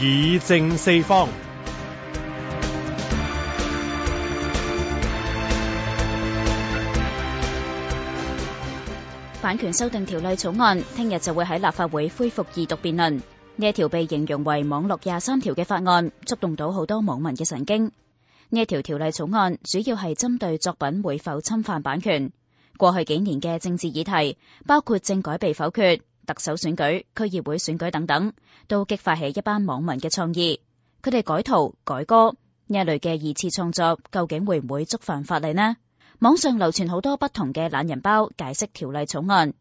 議政四方。版權修訂條例草案聽日就會喺立法會恢復二讀辯論。呢一條被形容為網絡廿三條嘅法案，觸動到好多網民嘅神經。呢一條條例草案主要係針對作品會否侵犯版權。過去幾年嘅政治議題，包括政改被否決。特首選舉、區議會選舉等等，都激發起一班網民嘅創意。佢哋改圖、改歌呢一類嘅二次創作，究竟會唔會觸犯法例呢？網上流傳好多不同嘅懶人包解釋條例草案。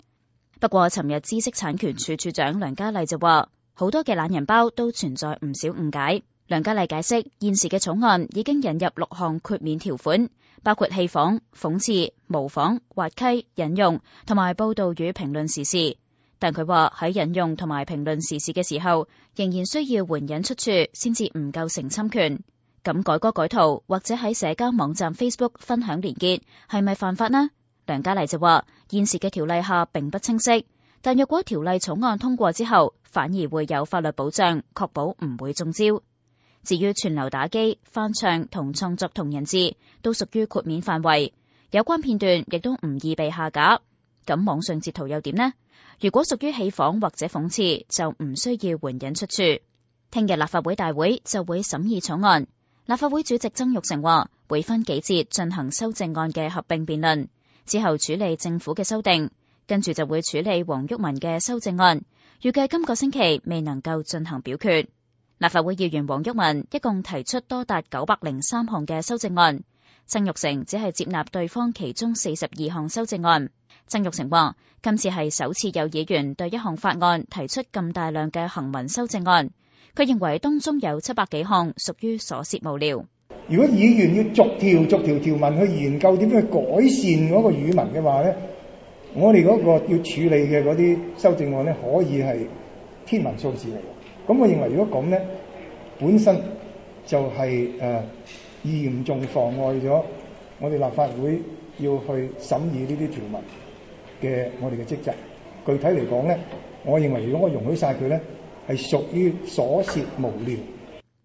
不過，尋日知識產權署署長梁家麗就話，好多嘅懶人包都存在唔少誤解。梁家麗解釋，現時嘅草案已經引入六項豁免條款，包括戲仿、諷刺、模仿、滑稽、引用同埋報道與評論時事。但佢話喺引用同埋評論時事嘅時候，仍然需要援引出處，先至唔構成侵權。咁改歌改圖或者喺社交網站 Facebook 分享連結係咪犯法呢？梁家麗就話，現時嘅條例下並不清晰，但若果條例草案通過之後，反而會有法律保障，確保唔會中招。至於全流打機、翻唱同創作同人誌都屬於豁免範圍，有關片段亦都唔易被下架。咁網上截圖又點呢？如果屬於戲仿或者諷刺，就唔需要援引出處。聽日立法會大會就會審議草案。立法會主席曾鈺成話，會分幾節進行修正案嘅合併辯論，之後處理政府嘅修訂，跟住就會處理黃毓民嘅修正案。預計今個星期未能夠進行表決。立法會議員黃毓民一共提出多達九百零三項嘅修正案，曾鈺成只係接納對方其中四十二項修正案。曾玉成話：今次係首次有議員對一項法案提出咁大量嘅行文修正案，佢認為當中有七百幾項屬於瑣屑無聊。如果議員要逐條逐條條文去研究點樣去改善嗰個語文嘅話咧，我哋嗰個要處理嘅嗰啲修正案咧，可以係天文數字嚟。咁我認為如果咁咧，本身就係誒嚴重妨礙咗我哋立法會要去審議呢啲條文。嘅我哋嘅職責，具體嚟講咧，我認為如果我容許晒佢咧，係屬於瑣屑無聊。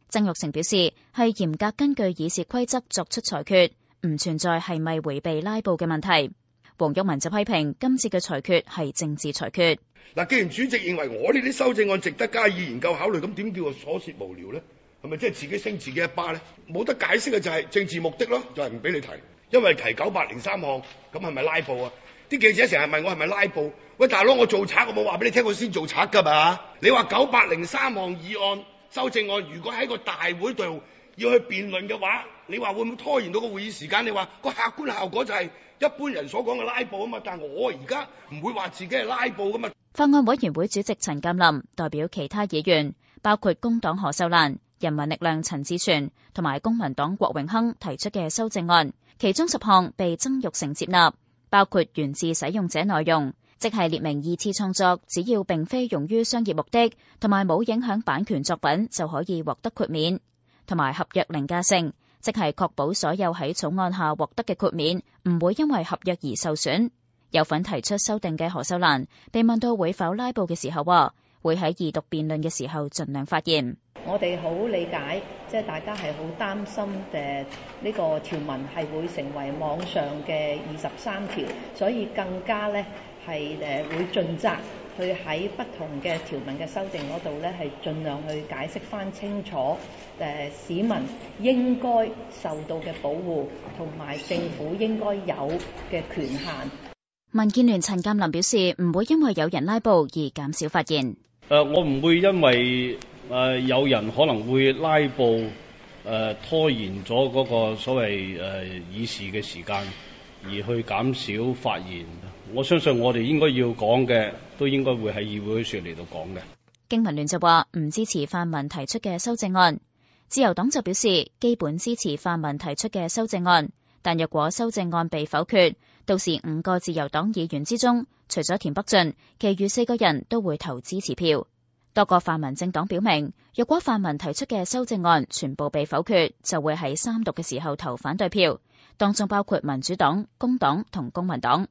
曾玉成表示係嚴格根據議事規則作出裁決，唔存在係咪迴避拉布嘅問題。黃毓民就批評今次嘅裁決係政治裁決。嗱，既然主席認為我呢啲修正案值得加以研究考慮，咁點叫做瑣屑無聊咧？係咪即係自己升自己一巴咧？冇得解釋嘅就係政治目的咯，就係唔俾你提。因為提九百零三項，咁係咪拉布啊？啲記者成日問我係咪拉布？喂，大佬，我做賊，我冇話俾你聽，我先做賊噶嘛？你話九百零三項議案修正案，如果喺個大會度要去辯論嘅話，你話會唔會拖延到個會議時間？你話個客觀效果就係一般人所講嘅拉布啊嘛？但係我而家唔會話自己係拉布噶嘛。法案委員會主席陳鑑林代表其他議員，包括工黨何秀蘭。人民力量陳志全同埋公民黨郭榮鏗提出嘅修正案，其中十項被曾鈺成接納，包括源自使用者內容，即係列明二次創作只要並非用於商業目的，同埋冇影響版權作品就可以獲得豁免，同埋合約凌駕性，即係確保所有喺草案下獲得嘅豁免唔會因為合約而受損。有份提出修訂嘅何秀蘭，被問到會否拉布嘅時候話。會喺二讀辯論嘅時候盡量發言。我哋好理解，即係大家係好擔心嘅呢個條文係會成為網上嘅二十三條，所以更加咧係誒會盡責去喺不同嘅條文嘅修訂嗰度咧係盡量去解釋翻清楚誒、呃、市民應該受到嘅保護同埋政府應該有嘅權限。民建聯陳鑑林表示唔會因為有人拉布而減少發言。誒，我唔會因為誒有人可能會拉布誒拖延咗嗰個所謂誒議事嘅時間，而去減少發言。我相信我哋應該要講嘅，都應該會喺議會上嚟到講嘅。經民聯就話唔支持泛民提出嘅修正案，自由黨就表示基本支持泛民提出嘅修正案。但若果修正案被否決，到時五個自由黨議員之中，除咗田北俊，其餘四個人都會投支持票。多個泛民政黨表明，若果泛民提出嘅修正案全部被否決，就會喺三讀嘅時候投反對票。當中包括民主黨、工黨同公民黨。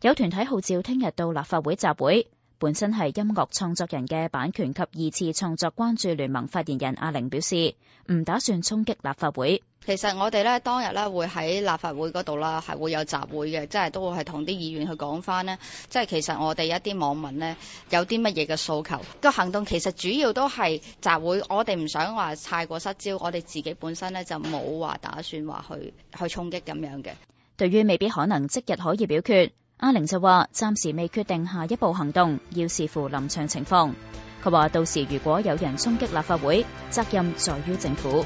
有團體號召聽日到立法會集會。本身係音樂創作人嘅版權及二次創作關注聯盟發言人阿玲表示，唔打算衝擊立法會。其實我哋咧當日咧會喺立法會嗰度啦，係會有集會嘅，即係都會係同啲議員去講翻呢，即係其實我哋一啲網民呢，有啲乜嘢嘅訴求。個行動其實主要都係集會，我哋唔想話太過失焦，我哋自己本身咧就冇話打算話去去衝擊咁樣嘅。對於未必可能即日可以表決。阿玲就話，暫時未決定下一步行動，要視乎臨場情況。佢話，到時如果有人衝擊立法會，責任在於政府。